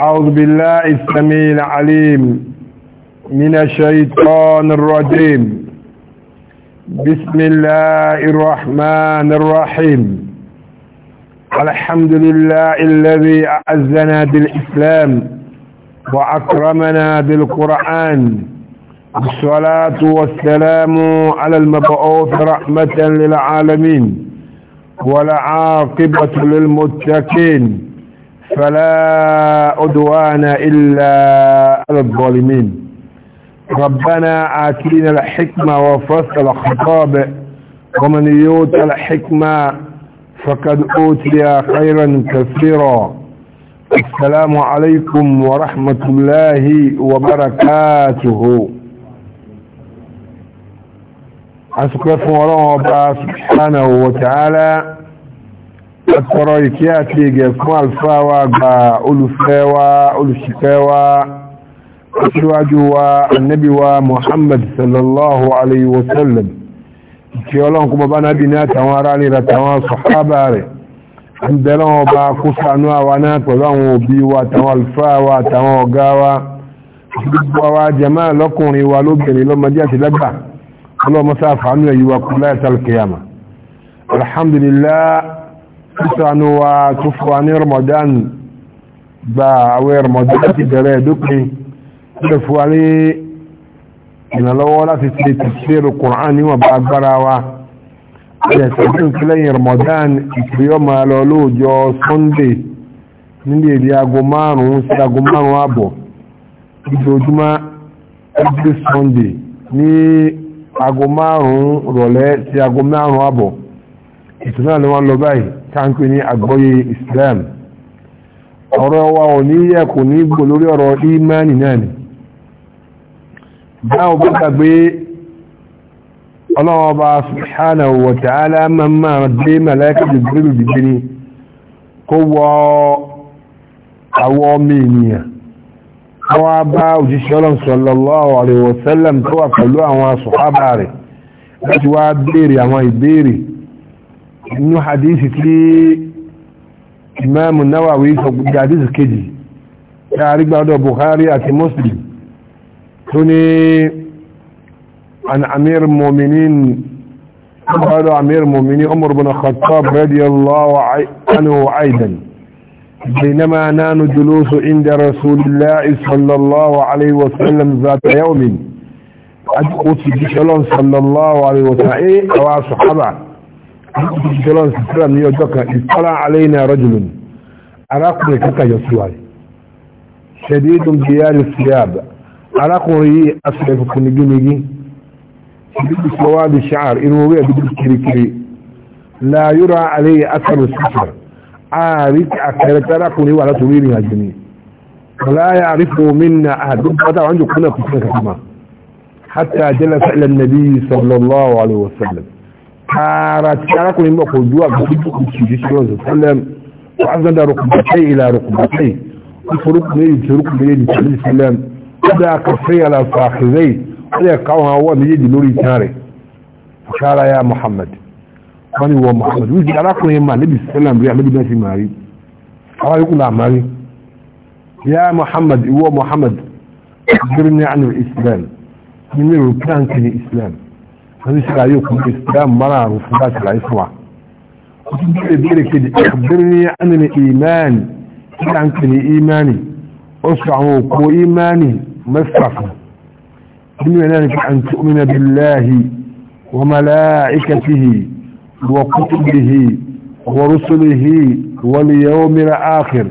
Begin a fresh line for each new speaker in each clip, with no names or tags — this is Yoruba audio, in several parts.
أعوذ بالله السميع العليم من الشيطان الرجيم بسم الله الرحمن الرحيم الحمد لله الذي أعزنا بالإسلام وأكرمنا بالقرآن الصلاة والسلام على المبعوث رحمة للعالمين والعاقبة للمتقين فلا عدوان إلا على الظالمين ربنا آتينا الحكمة وفصل الخطاب ومن يوت الحكمة فقد أوتي خيرا كثيرا السلام عليكم ورحمة الله وبركاته اشكركم الله سبحانه وتعالى àtọ̀rọ̀ ìkẹ́ àti ìgẹ̀ fún àlùfáà wa gba olùfẹ́ wa olùṣìfẹ́ wa aṣíwájú wa annabi wa muhammad sallallahu alayhi wa sallam ìkí ọlọ́run kúmọ bá nábi ní àtàwọn ará rí àtàwọn sọ̀hábà rẹ̀ ń bẹ̀rẹ̀ wọn bá kó sànú àwa náà pẹ̀lú àwọn òbí wa àtàwọn àlùfáà wa àtàwọn ọ̀gá wa gbogbo àwa jàmáà lọ́kùnrin wa lóbìnrin lọ́mọdé àti lágbà ọlọ́mọ sáfà nù kú láyàtàlùkìyàmà alhamdulillah kíṣàánú wa tó fún wa ní Ramadan gba àwẹ̀ Ramadan láti bẹ̀rẹ̀ dópin tó fún wa ní ìrànlọ́wọ́ láti ṣe tafsiru Qur'an níwọ̀n bá agbára wa ẹ̀sẹ̀kún kílẹ̀yìn Ramadan ìpìyọ́ máa lọ lóòjọ́ Sunday nílé èdè aago márùn-ún sí aago márùn-ún àbọ̀ ìjọjúmọ́ every Sunday ní aago márùn-ún rọ̀lẹ́ sí aago márùn-ún àbọ̀ ìtùnà ni wọ́n lọ báyìí táǹkì ní àgbọ́yé Islam ọ̀rọ̀ wa ò ní yẹ kò ní gbò lórí ọ̀rọ̀ ìmánì náà ni báwo bá gbàgbé ọlọ́ọba subhanahu wa ta'ala máa máa dé mẹ́lẹ́kà jùgbìrì dìde ni kó wọ àwọ ọmọ ènìyàn wọ́n á bá òjíṣẹ́ ọlọ́run inú hadisi tí imáàmù Nawawi sọ gbogbo hadisi kejì tí a rí gbádọ̀ Bukhari àti Muslim tó ní an amir mominin gbádọ̀ amir mominin Umar bin Khattab radiyallahu anhu aidan بينما نان جلوس عند رسول الله صلى الله عليه وسلم ذات يوم أدقوا بشلون صلى الله عليه وسلم وصحبه jọlọ́n sí tíra ní ọjọ́ kan ìtọ́lá aléìnà rọ́jùlùm arákùnrin kíkà yọ sí wáyé ṣẹ̀dí dùn bí yá ní sí àbá arákùnrin yìí aṣọ ìfòfin ní gínigí ṣẹ̀dí bí sọ wá bí ṣáàr inú orí ẹ̀bí bí kirikiri láyúra aléyé aṣọ sísọ ààrí àkẹrẹ tí arákùnrin wà látòrí ìrìn àjò ni láyà àrífò mínà àdúgbò pátá wọn jòkó náà tààrà tí arákùnrin mọ̀ kò ju àgbàdo kò sì di sílọ̀ ọ̀sẹ̀ sẹ́lẹ̀m wàásùdà rọ̀kùnbàtẹ́ ìlà rọ̀kùnbàtẹ́ ìforúkù méjì tí orúkù méjì tàbí sẹ́lẹ̀m kódà kàfẹ́ àlàfà àkìrẹ́ ọ̀dẹ̀ káwọn àwọn méjèèjì lórí ìtàn rẹ̀ ṣára ya Muhammad wọ́n ni wọ́n Muhammad wíjì arákùnrin mà níbi sẹ́lẹ̀m rí àmì bẹ́ẹ̀ sí màrí àwọn yòókù là màrí ya Muhammad ìwọ Muhammad gbẹ̀rẹ̀ ní àná Islam ní mi rò pàǹkì ní Islam هذه شرعية في الإسلام مرة رسولات العسوة
بيقول كده
اخبرني عن الإيمان كده عن كده إيماني أسرعه كو إيماني مسرفه إنه ذلك أن تؤمن بالله وملائكته وكتبه ورسله واليوم الآخر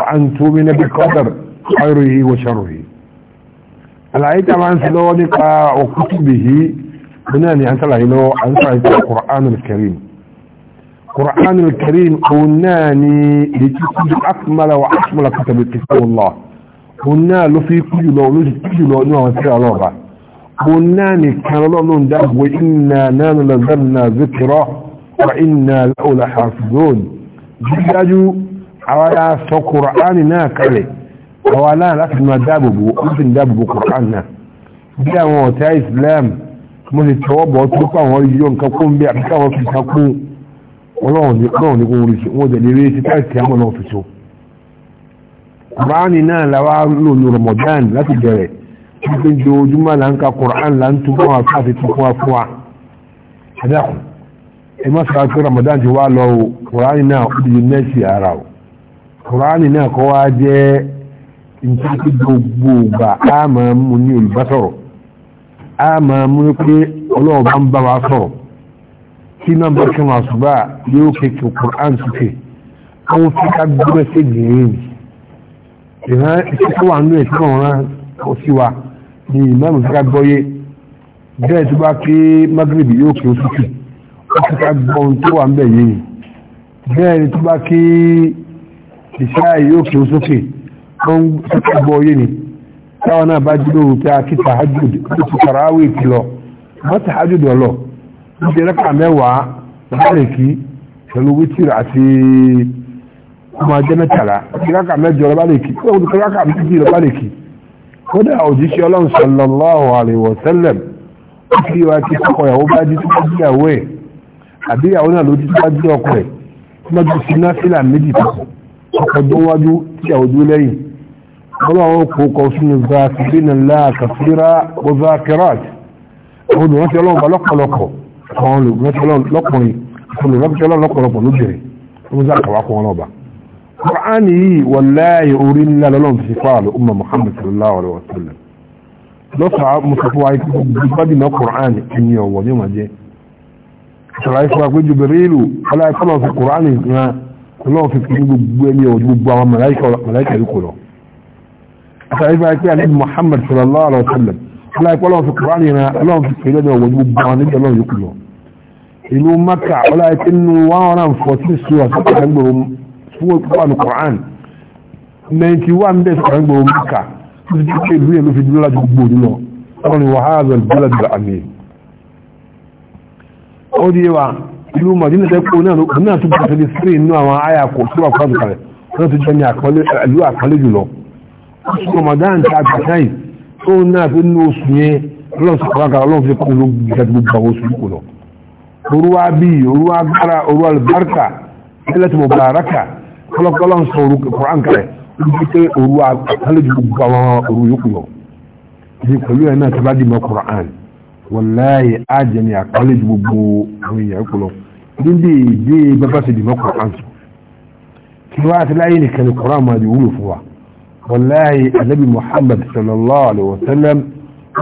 وأن تؤمن بقدر خيره وشره العيد عن سلوانك وكتبه هنا نعنسل عينو عنسل القرآن الكريم القرآن الكريم قلناني لتكون أكمل وأكمل كتاب كتاب الله قلنا له في كل لون كل لون وسير الله قلناني كان لون ده وإنا نان لذلنا ذكرى وإنا له لحافظون جاجو أولا سو قرآن ناكالي أولا لكن ما داببو أنت داببو قرآننا بلا موتا إسلام mo sì tọwọ́ bọ̀ tó kọ́ àwọn yíyọ nǹkan kó ń bẹ àbí káwọn fi nǹkan kó ọlọ́run ní ọlọ́run ní kó ń rí sí wọn dẹ̀ lè rí sí káàkiri àwọn náà fi so. kùránì náà la wá lò ní Ramadan láti bẹ̀rẹ̀ títí di ojúmọ́ là ń ka kùránì là ń tún fún wa káàfi tún fún wa fún wa. adákùn ẹ má sọ pé Ramadan ti wá lọ o kùránì náà ó di nẹ́ẹ̀sì ara o kùránì náà kọ́ wá jẹ́ ní a ma mú pé ọlọ́ọ̀bá ń bá wa sọ̀rọ̀ kí náà bá kí wọn àṣùbà yóò kéèkì Qur'an sókè àwọn fi ká gbọ́dọ̀ sí ìdìrín ìran iṣẹ́ tó wà nínú ètò ọ̀ràn kò sí wa ni ìmáàmù fi ká gbọ́yé bẹ́ẹ̀ tó bá kí Maghrib yóò kí sókè ó fi ká gbọ́ ohun tó wà ń yìí bẹ́ẹ̀ tó bá kí ìṣáà yóò kí sókè wọ́n fi ká gbọ́yé ni táwọn náà bá jílò wípé a kí tahajjud ó ti tàràwì kìlọ̀ wọ́n tahajjud ọlọ̀ ó ti rẹ́kà mẹ́wàá láàrin kí pẹ̀lú wítìrì àti ọmọ ajẹ́ mẹ́tàlá ó ti rẹ́kà mẹ́jọ lọ bá lè kí ó ti rẹ́kà méjì lọ bá lè kí kódà òjíṣẹ́ ọlọ́run sallallahu alaihi wa sallam kí ọkọ ìyàwó bá jí tó bá jí ìyàwó ẹ̀ àbí ìyàwó náà ló jí bá jí ọkọ ẹ̀ ọlọ́run kò kọ sínú zakirina láàkàfíra ó zakirat àwọn olùrántí ọlọ́run bá lọ́pọ̀lọpọ̀ àwọn olùrántí ọlọ́run lọ́kùnrin olùrántí ọlọ́run lọ́pọ̀lọpọ̀ lóbìnrin ó zákàwá kún ọlọ́run bá Qur'an yìí wàláyé orí ńlá lọ́lọ́run fi fà lọ umma Muhammad sallallahu alaihi wa sallam lọ́sàá musafu wa ikú gbadi na Qur'an ẹni ọ̀wọ̀ ní wọn jẹ́ sọláyé fún wa pé Jibrilu ọlọ́run fi Qur'an ìgbìmọ̀ ọlọ́run fi gbogbo ẹni ọ̀wọ̀ gbogbo àwọn màláìkà yìí kò àtàríbá pé alẹ́bí Muhammad sallallahu alaihi wasallam aláìpọ́ lọ́wọ́ fi kùránì ìran aláwọ̀ fi kìí lọ́dọ̀ wọ̀ gbogbo àwọn níbi ọlọ́run yóò lọ ìlú Maka ọláìpẹ́ nínú 114 sura sí kàrẹ́gbòrò fún ìpàdé kùránì 91 bẹ́ẹ̀ sí kàrẹ́gbòrò Maka tó ti pé ìlú yẹn ló fi dúró láti gbogbo òdú lọ wọ́n ni wàhálà bẹ́lẹ̀ bẹ́lẹ̀ àmì ó di wa ìlú Madina tẹ́ kó náà tó bá tẹ́lẹ̀ sí inú àwọn àyà kò sóra
Ramadan ta àgbàtáì
tó náà fi nínú oṣù yẹn lọ́n sí kọ́kọ́ ọlọ́run fi kọ́ ló gbẹ̀dẹ̀ gbogbo àwọn oṣù kò lọ. Orúwa bí orúwa gbára orúwa albarka ẹlẹ́tì mọ̀ bàràkà kọ́lọ́kọ́lọ́ sọ orúkọ Quran kalẹ̀ níbi pé orúwa àtàlejò gbogbo àwọn orú yòókù lọ. Ìdí pẹ̀lú ẹ̀ náà ti bá dì mọ́ Quran. Wàláyé ájẹ ni àtàlejò gbogbo àwọn di wúlò fún wa. والله النبي محمد صلى الله عليه وسلم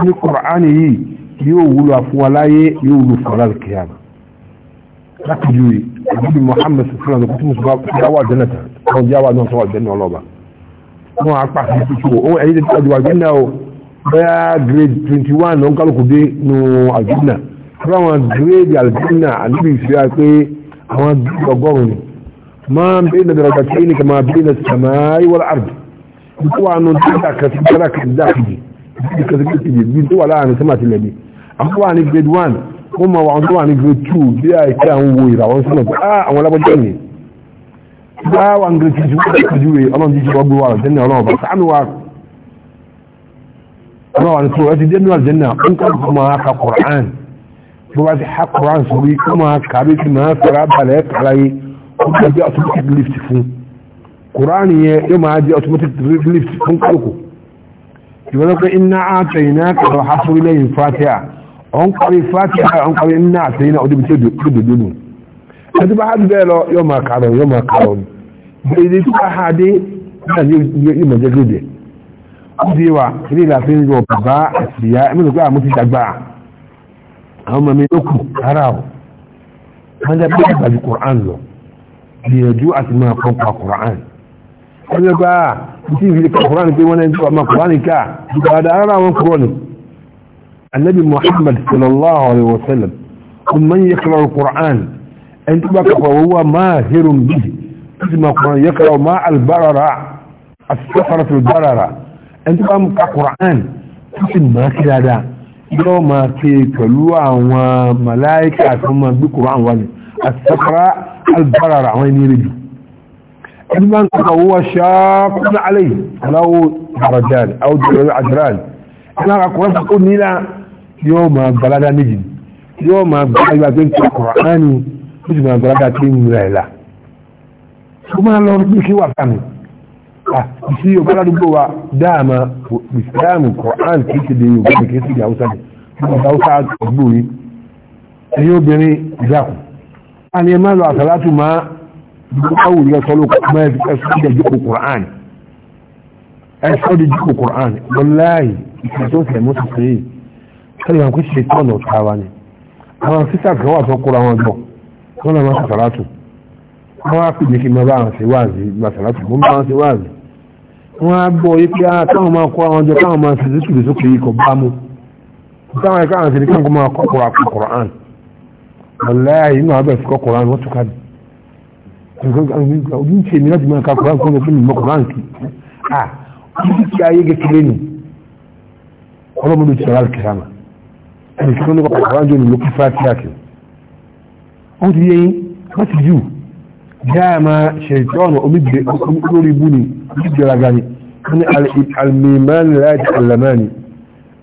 في قرانه يقول افوالاي يقول فلال كيان ركجوي النبي محمد صلى الله عليه وسلم يقول جواب جنته جواب جنته جواب جنته الله ما أقبح نفسه أو أي ذلك أدوى الجنة أو بيا جريد 21 نون قالوا كده نو الجنة فلما جريد الجنة النبي في أكي أما جريد ما بين درجتين كما بين السماء والأرض tó wà nù tíjà kẹsì tíjà kẹsì dá kejì tíjà kẹsì kẹsì kejì bí tó wà láàrin sọ́mà tilẹ̀ ni àwọn wà ní grade one wọ́n mọ àwọn tó wà ní grade two bí i àwọn wo ìràwọ̀n sọ́mà pé ah àwọn alábọ́jọ́ ni bá wà ní grade two wọ́n kẹjú rẹ̀ ọlọ́run jíjí wọ́n gbé wà jẹ́nì ọlọ́run bá sánú wa ọlọ́run wà ní sọ́wọ́ ẹtì jẹ́nì àjẹ́nì ọ̀nkà kò máa ka Qur'an bí wọ́n ti ha Qur'an sórí kò máa kàbí kì máa fẹ́ra balẹ̀ kàlàyé ó kẹjọ́ kùránì yẹn yóò máa jẹ́ automatic lift fún kálukú ìwọ́lọ́pẹ́ iná àtẹ iná kẹrọ hafúrí lẹ́yìn fatiha ọ̀n kọrí fatiha ọ̀n kọrí iná àtẹ iná ọdún tí ó dòdò nù ẹtí bá hàdí bẹ́ẹ̀ lọ yóò máa kàrọ̀ yóò máa kàrọ̀ ni èdè tí bá hàdí náà yóò máa jẹ́ gèdè ó di wa ilé ìlàfin yọ bàbá àti ìyá ẹ̀mí lókè àmú ti dàgbà àwọn ọmọ mi lókù rárá o wọ́n jẹ́ bí ìgbàjú kùrán lọ gbìyànjú àti máa fọ́npa kùrán wọ́n yẹ pé àà tí ìfìdí kọkùnrán pé wọ́n ẹni tó ọmọ kùránì ká ìgbàdà ara wọn kùránì annabi muhammad sallallahu alaihi wasallam kun man ya kira kùrán ẹni tó bá kàfà wọ́wọ́ máa hírùn bí kìí ma kùrán ya kira ma albarara a safara fi barara ẹni tó bá mú ka kùrán tó sì máa kí dada yóò máa ké pẹ̀lú àwọn màláìkà tó máa bí kùrán wani a safara albarara àwọn ẹni rẹ̀ jù من هو شاق عليه له درجان او عجران انا القران تقول لنا يوم بلغ نجم يوم بلغ بنت القران مجمع بلغ تيم ليلى ثم لو بكي وفهم isi yóò bá ládùúgbò wa dáàmà ìsìláàmù kọ̀án kìí ṣe lè yóò bẹ̀rẹ̀ kìí sí ìyàwó sáàdì nígbà ìyàwó sáàdì ọgbò rí ẹ̀yìn obìnrin ìdákùn a ní máa lọ àtàlátù máa báwo ni ẹsọ ló kọ́ ẹ ẹsọ di ẹjọ́ Qur'an ẹsọ di ẹjọ́ Qur'an wọláì ìṣẹ̀tọ́ fẹ̀ mọ́ sọ̀tẹ̀ yìí kẹ́lẹ̀ àwọn kò ṣe tọ́ ọ̀nà ọ̀tá wa ni àwọn sísá kan wà tó kóra wọn gbọ́ wọn náà máa ṣe sàlátù wọn á pè mí kí n máa bá àwọn ṣe wáàzì máa sàlátù mo máa ṣe wáàzì wọn á gbọ́ yí pé táwọn ah, máa kóra wọn jọ táwọn máa ṣe sísúlù sókè yìí kò bá mu táwọn ẹ̀ka àwọn ṣe ní kí máa kọ́ Qur'an wọláì inú àbẹ̀ fi kọ́ Qur'an wọ́n tún ká bí ojú ń ṣe mi láti máa ka koran kó lọ́pẹ́ mi mọ́ koran kì á ojú ti ayé kékeré ni ọlọ́mọdé ti sọ̀rọ̀ kìrámà ẹni tí wọ́n nípa koran jọ ní lókè fàtíà kì wọ́n ti yẹ yín wọ́n ti jù jáà máa ṣe ìtọ́nà omíjẹ olórí ibú ni ojúgbéraga ni wọ́n ní alìmìmánì láti alàmánì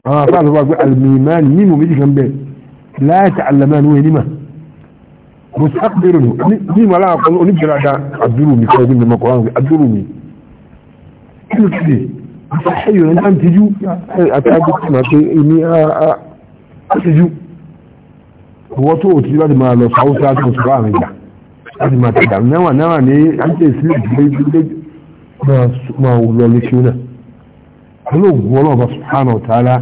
àwọn afáàlú wa gbé alìmìmánì mímú méjì kan bẹ́ẹ̀ láti alàmánì wọ́n yẹ nímà mustaqbirun ni mala ko oni birada adurumi ko ni ma ko adurumi ni kidi sahiyo ni an tiju atabu ma pe ni a a tiju wo to ti ba di ma lọ sawo sa ko sura mi ja ati ma ta dam nawa nawa ni an te si bi bi ma ma wo lo le kiuna lo wo lo ba subhanahu wa ta'ala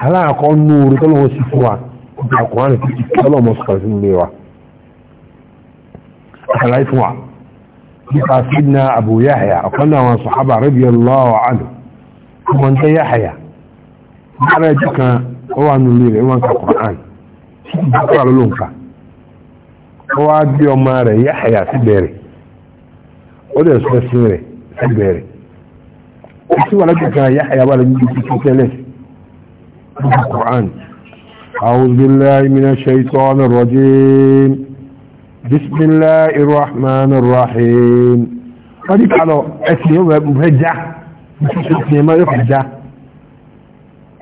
ala ko nuru to lo si fwa ko ko ni ko lo mo ska sin lewa àkàláyé fún wa nípa sídìnà Abu Yahya ọ̀kan náà wọn sọ̀hábà radiyallahu anhu ọmọ ń tẹ́ Yahya lára ẹjọ́ kan ó wà nílé rẹ̀ wọn ka Qur'an bákan àlọ́ ló ń ka ó wá bí ọmọ rẹ̀ Yahya sí bẹ̀rẹ̀ ó dẹ̀ sọ sí rẹ̀ sí bẹ̀rẹ̀ ó sì wà lọ́jọ́ kan Yahya wà lọ́jọ́ kan tẹ́lẹ̀ sí Qur'an أعوذ بالله من الشيطان الرجيم بسم الله الرحمن الرحيم قديك على اسمه مفجع اسمه ما يفجع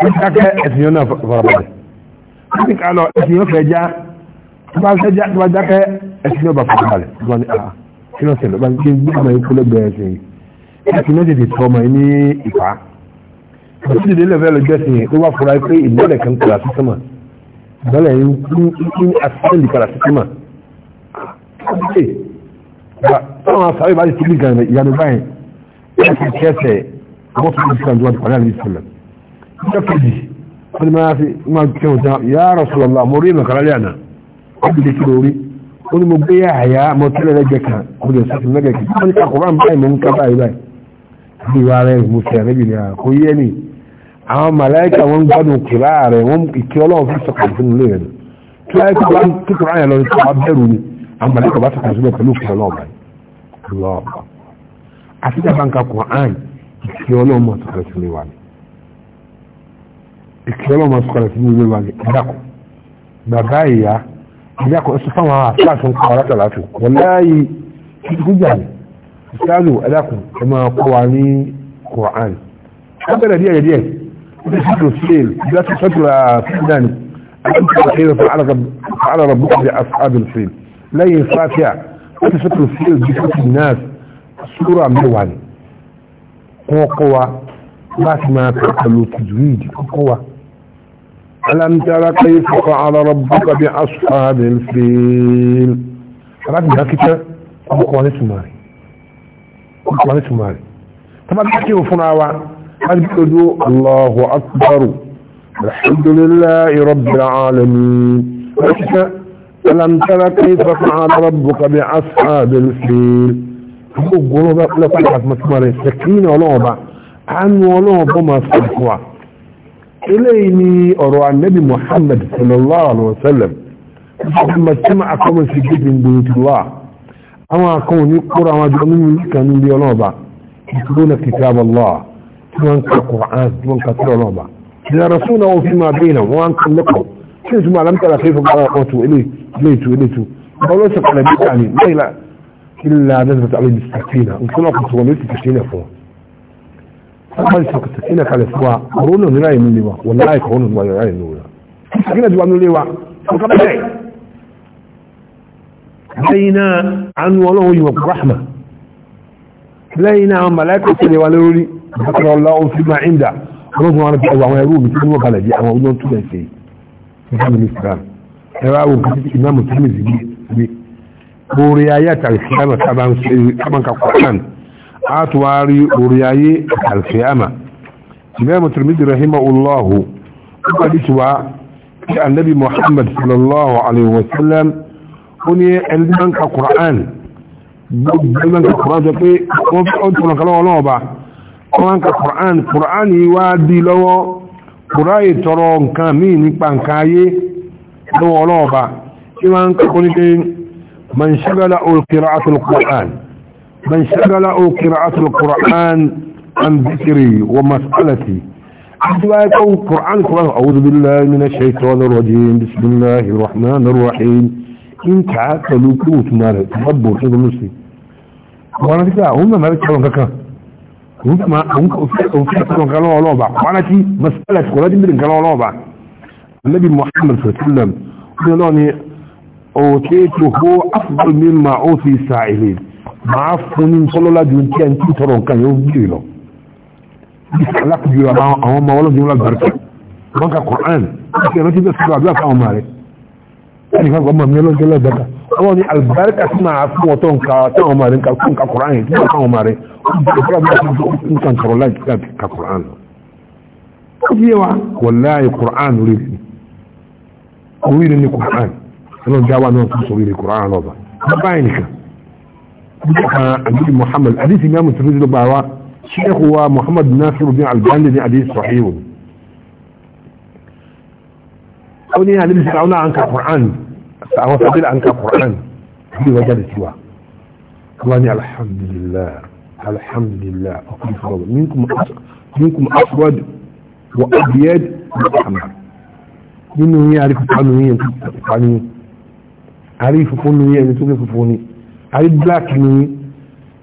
قديك اسمه فربده قديك على اسمه مفجع ما فجع قديك اسمه بفربده يعني اه كنا سنة بان كين ما يقول بيسي اسمه دي تفهم اني افع بس دي لفل جسمي هو فرايكي ان لك انت لا تسمع بل يمكن ان اسفل لك لا تسمع ṣe táwọn asàrí bá ti tóbi gan ìyanu báyìí wọ́n ti kẹsẹ̀ àwọn tó ń sàn jùlọ pàdé àlè ìsìlẹ̀ ọjọ́ kejì wọ́n ti máa fi máa kí wọn tán ya Rasulullah mo rí ìmọ̀kànlá lẹ́yìn náà wọ́n ti lè kí lórí ó ní mo gbé àyà mo tẹ́lẹ̀ lẹ́gbẹ̀ kan mo lè sọ́ọ̀tì lẹ́gbẹ̀ kan wọ́n ní kakọ̀ọ́rán báyìí mo ń ká báyìí báyìí bí wàá rẹ̀ mo fi àrẹ́bì ní àkó yé ni àwọn màláìkà wọn gbádùn kìlá rẹ̀ wọ́n ìkí ọlọ́run fi sọ̀kàn fún ilé rẹ̀ tí wọ́n ti bá ń kíkọ̀ọ́ àyà lọ sí ọ̀bẹ̀rù ni àwọn mọ̀lẹ́kọ̀ bá sọ̀kà síbẹ̀ pẹ̀lú òkè ọlọ́ọ̀bà lọ́ọ̀bà àti ìjàmbá nǹkan kan àn ìkè ọlọ́ọ̀mọ̀ sọ̀kà sílé wa ni ìkè ọlọ́ọ̀mọ̀ sọ̀kà sílé wa ni ìdákọ̀ bàbá ìyá ìdákọ̀ ẹ̀sùn fáwọn àfáàtì ń kọ́ ọ̀rátà látò wọ́n láàyè ìdíjà ni ìsáàlù ẹ̀dákọ̀ ẹ máa kọ́ wa ní kọ̀ọ̀án ó bẹ̀rẹ̀ díẹ̀ díẹ̀ ó ti sọ́tò sílẹ̀ ìdíjà sọ́tò sílẹ̀ náà ni àti ìjọba kẹ́yìn fún àlọ́ لا fàtíà wọ́n ti fẹ́tò الناس ìdíkùtì náà قوة قوة بات ما kọ́ wa قوة ألم ترى كيف فعل ربك بأصحاب الفيل ربي هكذا أقوى نسماري أقوى نسماري طبعا تحكي وفنعوا الجدو الله أكبر الحمد لله رب العالمين ألم ترى كيف فعل ربك بأصحاب الفيل gbogbo bá pẹ́lẹ́ pẹ́lẹ́ àti mọ̀túnmọ̀ rẹ̀ ṣẹ̀kínà ọlọ́run bá àánú ọlọ́run bó máa sọ fún wa eléyìí ni ọ̀rọ̀ annabi muhammad sallallahu alaihi wasallam muhammad tí máa kọ́mọ̀ sí gbígbì ń gbòòrò ti wá àwọn akọ́wọ̀n ní kúrò àwọn àjọ nínú nìkan níbi ọlọ́run bá ìṣòro na kitab Allah tí wọ́n ń ka Qur'an tí wọ́n ń ka sí ọlọ́run bá ìlànà súnà òfin máa bẹ́ẹ̀ náà wọ́n ń kọ́ lẹ́kọ̀ọ́ ليتو ليتو قالوا أو ليس على يعني، بالتعليم لا لا إلا نزلت عليه وقت هو صغيرة السكينة فوق
فقال سوق السكينة على سواء
قرون لا يمين لواء والله قرون ما يعين لولا السكينة دوا من لواء فقال بي لينا عن وله يوب رحمة لينا عن ملاك سلي ولولي ذكر الله فيما عنده رضوان الله ويقول بسنوك على جاء وودون تنسي محمد الإسلام ẹwà wò kí ìmáàmù tí mi sì gbé orí ayé àtàlùfíàmà sábàǹkà kọ̀ọ̀kan àtúwárí orí ayé àtàlùfíàmà ìmáàmù tìrìmìdì rahima ulọ́hu ó pàdé tí wá kí annabi muhammad sallallahu alaihi wasallam ó ní ẹni tí máa ń ka kọ̀ọ̀kan gbogbo máa ń ka kọ̀ọ̀kan tó pé wọ́n fi ọ́n tọ̀nà kalọ́wọ́ náà ba wọ́n ka kọ̀ọ̀kan kọ̀ọ̀kan yìí wá di lọ́wọ́ kọ̀ọ̀kan yìí tọrọ nǹkan míì nípa nǹkan ayé لو غلوبة كما نقول من شغل أو قراءة القرآن من شغل أو قراءة القرآن عن ذكري ومسألتي أدوات أو القرآن القرآن أعوذ بالله من الشيطان الرجيم بسم الله الرحمن الرحيم إن تعاتلوا كوت مالا تبضوا حيث المسلم وانا تكلا هم ما كلام كاكا هم ما هم كأفكرهم قالوا الله بعض وانا تي مسألة قرآن بدن قالوا الله النبي محمد صلى الله عليه وسلم قال أوتيته أفضل مما أوتي سائلين ما أفضل صلى الله عليه وسلم أنت ترون كان يوجد له لك جوا أو ما ولا جملة بركة ما كقرآن أنا تبي أسمع بلا فهم مالك أنا فاهم أما من الله جل بركة أنا البركة اسمع أسمع تون كا تون مالك كون كقرآن تون كون مالك كان كرولان كقرآن كيف يوا والله القرآن يريدني oríire ní kùrán ẹlọ́n jáwá náà tó sọ oríire kùrán lọ́ba báyìí nìkan àdìsí muhammad àdìsí mi àmì tìrìsì lọ́gbà wa ṣẹ́kù wa muhammad nasiru bin albani ní àdìsí sọ̀híwò ó ní àdìsí sàwọn àǹkà kùrán àwọn sàbílẹ̀ àǹkà kùrán bí wọ́n jáde sí wa wọ́n ní alhamdulillah alhamdulillah ọkùnrin sọ̀rọ̀ minkum aswad wa abiyad wa ahmad منه هي عارف فلان هي فلان عارف فلان هي اللي توقف فوني عارف بلاك مي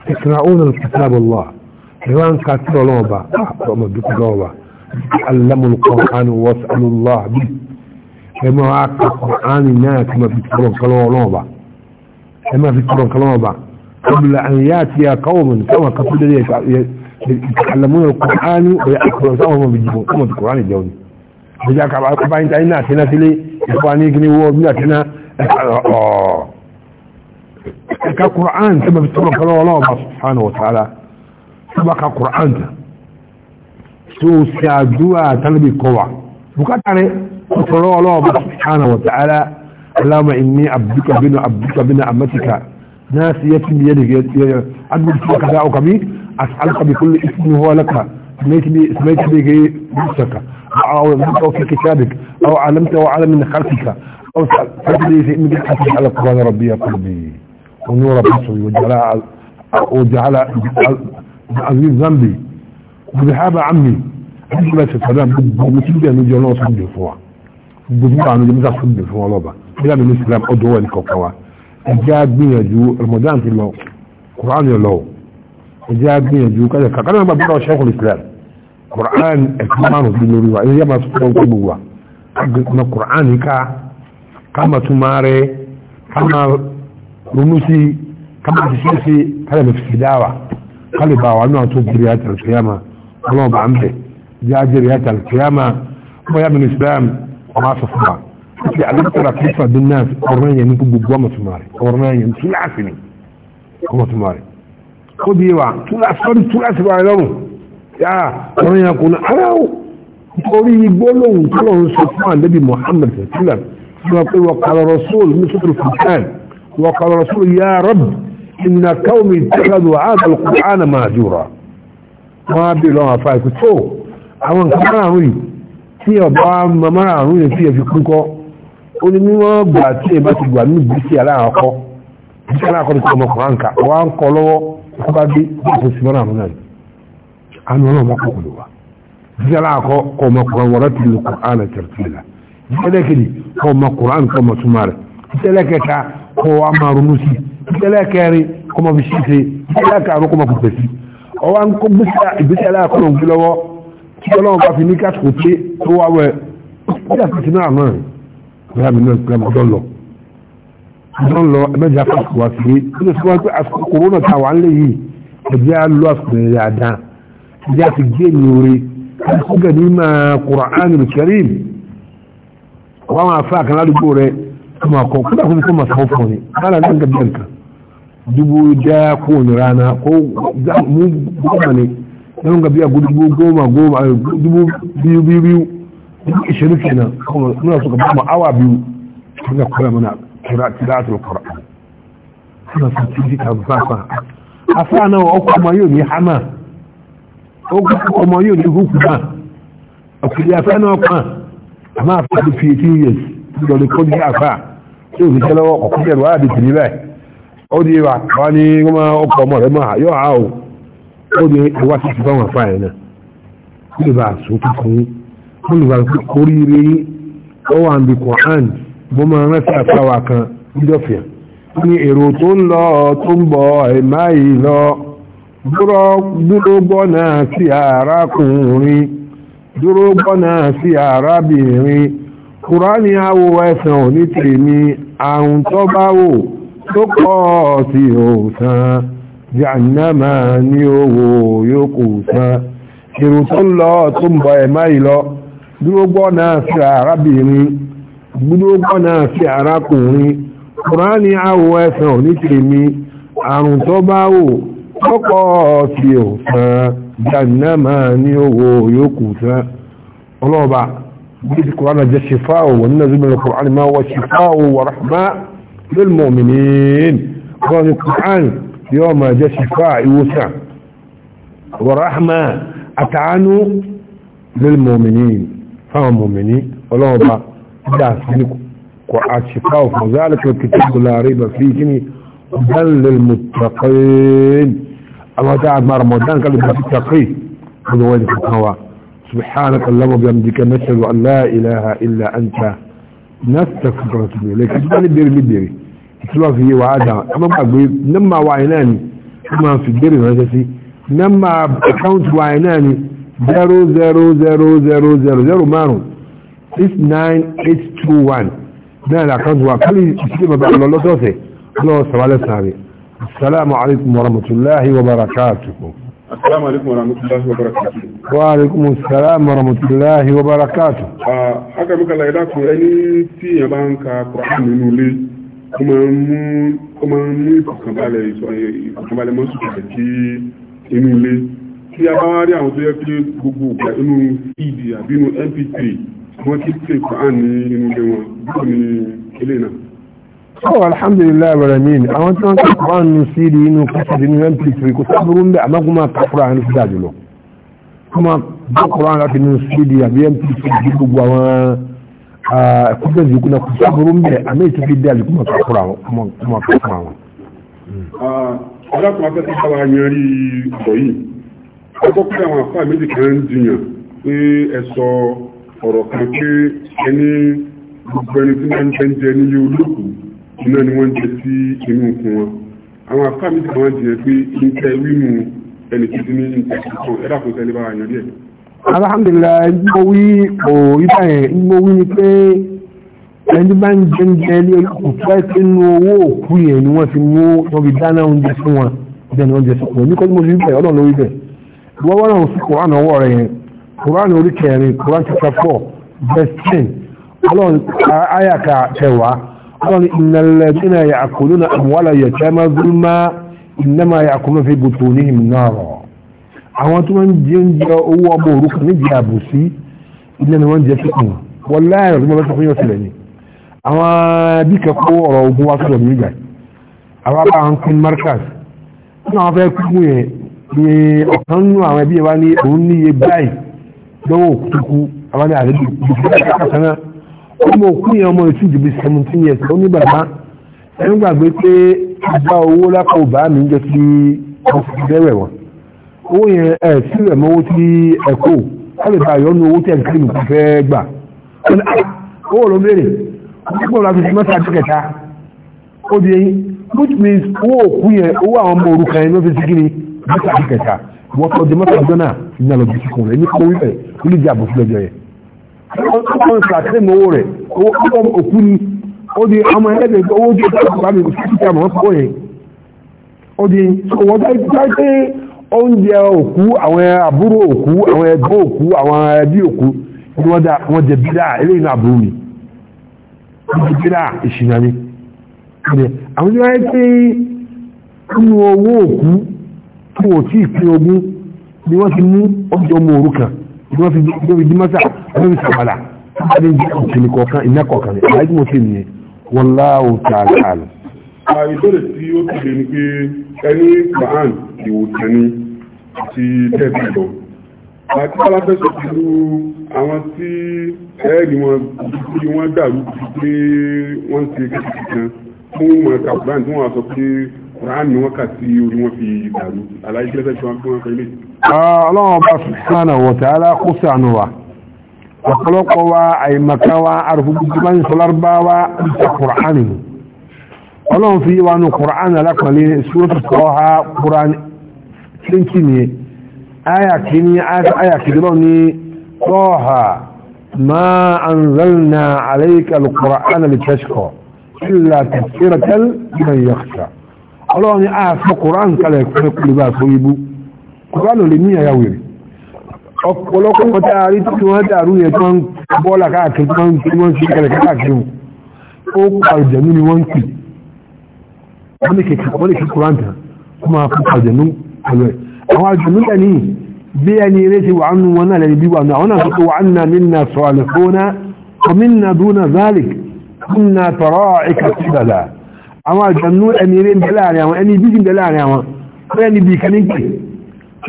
تقرؤون الكتاب الله إيران كاتب لوبا أما بكتابة علموا القرآن واسألوا الله به كما عاك القرآن ناك ما في تقرون كلام لوبا كما في كلام لوبا قبل أن ياتي قوم كما كتب لي يتعلمون القرآن ويأكلون سأهم بالجبون كما القرآن الجوني ìjà kàbá ìta iná àtiná sílé ìfọ́ ní gíní wọ́n ní àtiná ẹ̀ka kùrán tí ma fi tọrọ kan lọ́wọ́ lọ́wọ́ subhanahu wa ta'ala tí ma ka kùrán ta tó sì àdúrà tálíbi kọwà bukata rẹ̀ tọrọ lọ́wọ́ subhanahu wa ta'ala alama inni abduka binu abduka binu amatika ناسيتي بيدك أدبر فيك داعك بي أسألك بكل اسم هو لك سميت بي اسميت بي نفسك أو ذكر في كتابك أو علمته وعلم من خلفك أو فجري في إمك حسن على قرآن ربي يا قلبي ونور بصري وجعل وجعل عزيز ذنبي وذهاب عمي عندي ما تفهم بمتبع نجلون صدق فوا بمتبع نجلون صدق فوا لبا إلا من الإسلام أدوى لكوكوا إجاب من يجو المدان في الله قرآن الله إجاب من يجو كذا كذا ما بقرأ شيخ الإسلام Qur'an ẹ̀kọ́ márùn bí lórí wa ẹ̀yẹ́ máa sọ́kọ́ gbogbo wa na Qur'an ká ká máa tún máa rẹ ká máa ronú sí ká máa ṣiṣẹ́ sí ká lè fi dáwà ká lè bá wa náà tó jẹ́rì àti àlùkìyàmà ọlọ́run bá ń bẹ̀ jẹ́ àjẹ́rì àti àlùkìyàmà ọmọ yàmì Islam ọmọ aṣọ fún wa ṣe àlùkìyàmà kí fà bí náà ọ̀rọ̀ yẹn ní gbogbo ọmọ tó máa rẹ ọ̀rọ̀ yẹn yáà ọ̀rọ̀ yẹn kùnà ara ó torí gbólóhùn tó lọ́n sọ fún àdébì Muhammad sallam tí wọ́n pé wọ́kàlọ́ rasul ní sọ́tò fìtán wọ́kàlọ́ rasul yá rab ìnà káwọ́mì tẹ́lẹ̀dù àdàl kùránà máa jùra wọ́n á bèèrè lọ́wọ́ àfáà ìpè tó àwọn nǹkan márààrún yìí tí ọba márààrún yìí fi ẹ̀fi kún kọ́ ó ní níwọ̀n gbà tí ẹ bá ti gbà ní gbèsè aláàkọ́ gbèsè aláàkọ́ ti tọ́ ọmọkùnrin kà wọ́n á ń kọ́ lọ́wọ́ ìkọ́bá dé bí ìfòsí márààrún náà àánú ọlọ́run ọkọ̀ pẹ̀lú wa jíjẹ́lá àkọ́ kọ́ ọmọ kùrán wọ́n rẹ́tì lè kùrán tẹ̀rẹ̀tìlá jíjẹ́lá kejì kọ́ ọmọ kùrán kọ́ ọmọ túmọ̀ rẹ̀ jíjẹ́lá kẹta kọ́ wa máa ronú sí jíjẹ́lá kẹrin kọ́ ọmọ fi ṣíṣe jíjẹ́lá kàrún kọ́ ọmọ pèpè sí ọwọ́ ń kó ìgbésẹ̀ aláàkọ́lọ̀ ń gbé lọ́wọ́ tí ọlọ́run bá fi ní kásìkò pé tó wá wẹ̀ ọjà tuntun náà náà bóyá mi náà pé ọmọ ọdọ́ lọ ọdọ́ lọ ẹgbẹ́jà fásitì wá sí i ó lè sọ wọn pé àsìkò kòrónà táwa ń lè yìí ẹgbẹ́ á lọ àsìkò yẹn dáadáa جاء في الجين يوري حقا لما قرآن الكريم وما فاك لا دبوري كما قول كما كنت كما تخوفوني قال لا قبلك dubu daya kowane rana ko mu goma ne don gabi a dubu goma goma dubu biyu biyu biyu dubu ishirin kenan kuma suna suka ba mu awa biyu suna kula mana tiratul qur'an suna sa cikin ó gbọ́ ọmọ yóò ní húkú náà ọ̀kìlì afẹ́ náà kàn á máa fà ní fìyè tí yẹ lọ lè kọ́ ní àfà tí ò fi tẹ́ lọ́wọ́ ọ̀kú tẹ̀lú wà dìtì níbẹ̀ ó di wà wá ní ọmọ ọkọ̀ ọmọ rẹ̀ máa yọ àá o ó di ìwà tí ti bá wọn fà yẹn náà kó lè bá a sọ kíkún kó lè bá a kórí rí ọwọ́ àǹdí kọ̀ọ̀án mo máa rántí àtàwà kan níjọ́fẹ̀ẹ́ ní èrò tó ń lọ tó ń bọ̀ ẹ̀ máa yìí lọ dúró gbọ́nà sí arákùnrin dúró gbọ́nà sí arábìnrin kùránì àwò ẹ̀sàn òní tèmi àrùn tó bá wò tó pọ̀ sí òsàn jàǹdàmà ní owó yóò san èrò tó lọ tó ń ẹ̀má sí arábìnrin sí arákùnrin kùránì àwò ẹ̀sàn òní tèmi ọkọ̀ tí ó sàn jàǹdàmà ní owó yòókù sàn ọlọ́ọ̀bà bí ti kùránà jẹ́ ṣifá òwò nínú zubin kùránì máa wọ ṣifá òwò rahma lil mu'minin kọ́ ni kùránì yóò máa jẹ́ ṣifá ìwòsàn wọ rahma àtàánú lil mu'minin fáwọn mọ̀mìnì ọlọ́ọ̀bà dáa sí ní kò àṣìfá òfò zálẹ́kọ̀ọ́ kìtàbù láàrin bàfíì kí ni هل للمتقين الله تعالى ما رمضان قال لك تقي هذا وين الهوى سبحانك اللهم بيمدك نشهد ان لا اله الا انت نستغفرك ونتوب اليك اجبالي بيري بيري تلوى فيه وعادة اما ما أقول نما وعيناني اما في بيري الهجسي نما اكاونت وعيناني 0000000 69821 náà làkàtúwà kálí ìṣẹ́lẹ̀ bàbá lọ́lọ́sọ̀ọ̀sẹ̀ الله سبحانه وتعالى السلام عليكم ورحمة الله وبركاته
السلام عليكم ورحمة الله وبركاته
وعليكم السلام ورحمة الله وبركاته
haka muka laida ku ẹni tí yẹn bá ń ka Quran nínú ilé ó máa ń mú ó máa ń a mp3
sọ́wọ́ oh, alhamdulillah alamin àwọn tí wọ́n tó kọ́ nù sí rí inú kásìdì ní mp3 kò sábúrú ń bẹ àmọ́kùn máa kàkúrà ní sí dájú lọ kọ́ máa bọ́kọ̀rọ̀ láti nù sí rí àbí mp3 bí gbogbo àwọn ẹ̀kúnjẹ́ ìlú kúnlẹ̀ kò sábúrú ń bẹ àmì ètò fi dájú kọ́ máa kàkúrà wọn.
ọlọ́pàá fẹ́ sábà yanrí ọ̀rọ̀ yìí àwọn àfáà méjì kan ń jiyàn pé ọ̀rọ̀ kan iná ni wọ́n jẹ sí inú okun wọn àwọn afáàmì tí wọ́n jẹ pé nǹkan wímú ẹnì kìíní ní nǹkan kan ẹ̀dá kò sẹ́ni bá àyàn díẹ̀.
alhamdulilayi ẹni mo wí òòrí báyẹn ẹni mo wí ni pé ẹni bá ń jẹ oúnjẹ ní olùkùnfẹ́ sínú owó òkú yẹn ni wọ́n fi mú wọ́n fi dáná oúnjẹ sí wọn bẹ́ẹ̀ ni wọ́n jẹ sọ̀kọ̀ ní kọ́ni mo ti rí bẹ́ẹ̀ ọlọ́run ló rí bẹ́ẹ̀ wọ́n wọ́n náà sí kùránù ọwọ́ rẹ̀ yẹn kùránù orí kẹrin kùránù chapter four verse ten ọlọ́run ayàkà tẹ̀wàá قال إن الذين يأكلون أموال يتامى ظلما إنما يأكلون في بطونهم نارا àwọn tó ń jẹ owó ọmọ òrukàn níjẹ àbòsí ilé ni wọ́n jẹ síkùn wọ́n láàrín ọdún mọ́lẹ́sọ̀ fún yọ̀ sílẹ̀ ni àwọn bíkẹ́ kó ọ̀rọ̀ ogun wá sọ̀rọ̀ nígbà àwọn bá ń pín markaz ní àwọn fẹ́ kún yẹn ní ọ̀kan nínú àwọn ẹbí wa ní òun níye báyìí lọ́wọ́ òkútukú àwọn ní àdébí ìdílé ọmọ òkú yẹn ọmọ ìtújù bíi seventeen years ó ní bàbá ẹ ń gbàgbé pé àgbà owó lápò bá mi jẹ́ kí wọ́n fi bẹ̀rẹ̀ wọn owó yẹn ẹ̀ sí rẹ̀ mọ́wó tí ẹ kó wọ́n lè bá àyọ́nu owó tí ẹ̀ ń kiri nǹkan fẹ́ gbà ah, owó ló béèrè púpọ̀ láti fi mọ́sá tó kẹta ó di eyín which means owó òkú yẹn owó àwọn ọmọ òrukàn yẹn ló fi sí kí ni mọ́sá tó kẹta wọ́n tọ́ di mọ́sá tó náà ìyá lọ bí kíkùn ó ń sàtẹ́mù owó rẹ̀ owó òkú ni ó di ọmọ ẹlẹ́dẹ̀ owó tó tó bá mi sí ti àmọ́ fún òyìn ó di owó dájúdájú oúnjẹ òkú àwọn àbúrò òkú àwọn ẹgbẹ́ òkú àwọn ẹbí òkú ni wọ́n jẹ bídà eléyìí náà àbúrò mi wọ́n jẹ bídà ìṣìnà ni àwọn ìwáyé pé nínú owó òkú tó ò tí ìpín ogún ni wọ́n ti mú oúnjẹ ọmọ òrukàn wọ́n fi di mọ́sá wọ́n fi sàmàlà
wọ́n fi di ọ̀sìn
kọ̀ọ̀kan iná kọ̀ọ̀kan ní àyíkú mo ti nìyẹn wọ́n láwọ̀ tààlà.
ìbéèrè tí ó ti lè ní pé ẹni quran ìwòsàn ni àti tẹ́ẹ̀tì lọ. àti aláfẹ́ sọ pẹ̀lú àwọn tí ẹ̀ẹ́dì wọn bí wọ́n dàrú pé wọ́n ti kékeré kan fún mọ̀ọ́ta quran tí wọ́n sọ pé Quran ni wọ́n kà sí orí wọn fi dàrú aláìsílẹ́sẹ̀ tí wọ́n fi wọ́n pẹ̀lú.
Ah, ọlọ́run ọba subhanahu wa ta'ala kó sànù wa ọ̀pọ̀lọpọ̀ wa àìmọ̀ká wa arúgbó bá ń sọlárúbá wa níta Quran ni ọlọ́run fi wa nu Quran alákọ̀ọ́lẹ̀ suratul Taha Quran twenty ni aya kìíní aya kìíní ni Taha ma anzalna alayka al-Qur'ana litashqa illa tadhkiratan liman yakhsha ọlọ́run ni a fọ́ koran kalẹ̀ pẹ̀lú bá fún ibú koran lè ní ẹ̀yà wèrè ọ̀pọ̀lọpọ̀ ọ̀tá rí tí wọ́n dàrú yẹ tí wọ́n bọ́ọ̀lá káàkiri tí wọ́n tí wọ́n fi kalẹ̀ káàkiri ó kàrùjẹ̀mú ni wọ́n pè wọ́n lè kí koran tán kó máa fún kàrùjẹ̀mú pẹ̀lú ẹ̀ àwọn àjùmú tẹ̀ ní bí ẹni eré ti wà nù àwọn àjọ̀nú ẹni eré ń bẹ láàrin àwọn ẹni bíjì ń bẹ láàrin àwọn pé ẹni bí ìkẹ́ni pè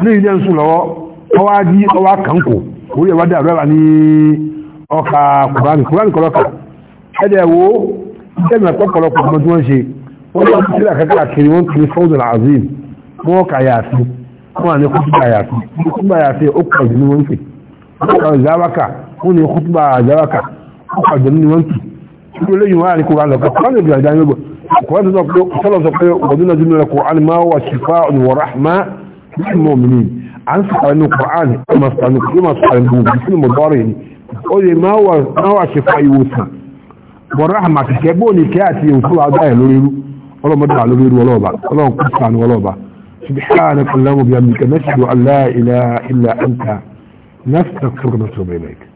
ní ilé ń sùn lọ́wọ́ ọwá dí ọwá kankò orí ẹ̀wá dàrú ẹ̀wà ní ọkà kùránì kùránì kọlọ́kà ẹ̀dẹ̀ wo iṣẹ́ ìmọ̀ pọ̀pọ̀lọpọ̀ ọmọ tí wọ́n ṣe wọ́n lọ sí sílẹ̀ kẹ́kẹ́ àkiri wọ́n kiri fọ́ọ̀dùn azim wọ́n kà yàtí wọ́n ní kútùbà yàtí kútùbà yàtí ó kà jù kọ́wàtí sọ pé ọdún ajínú rẹ̀ kọ̀án máa wà ṣífà wọ̀rọ̀hàmá ní mọ̀mìnì a ń sàkàrẹ̀ ní kọ̀án ó ma sàkàrẹ̀ gbogbo sí mọ̀dọ́rẹ̀ ni ó lè máa wà ṣífà ìwòsàn wọ̀rọ̀hàmá kìkẹ́ bóò ní kẹ́ àti ìwòsàn agbáyẹ̀ lórí ọlọ́mọdé lórí ọlọ́ọ̀bá ọlọ́run سبحانك اللهم وبحمدك نشهد ان لا اله الا انت نستغفرك ونتوب اليك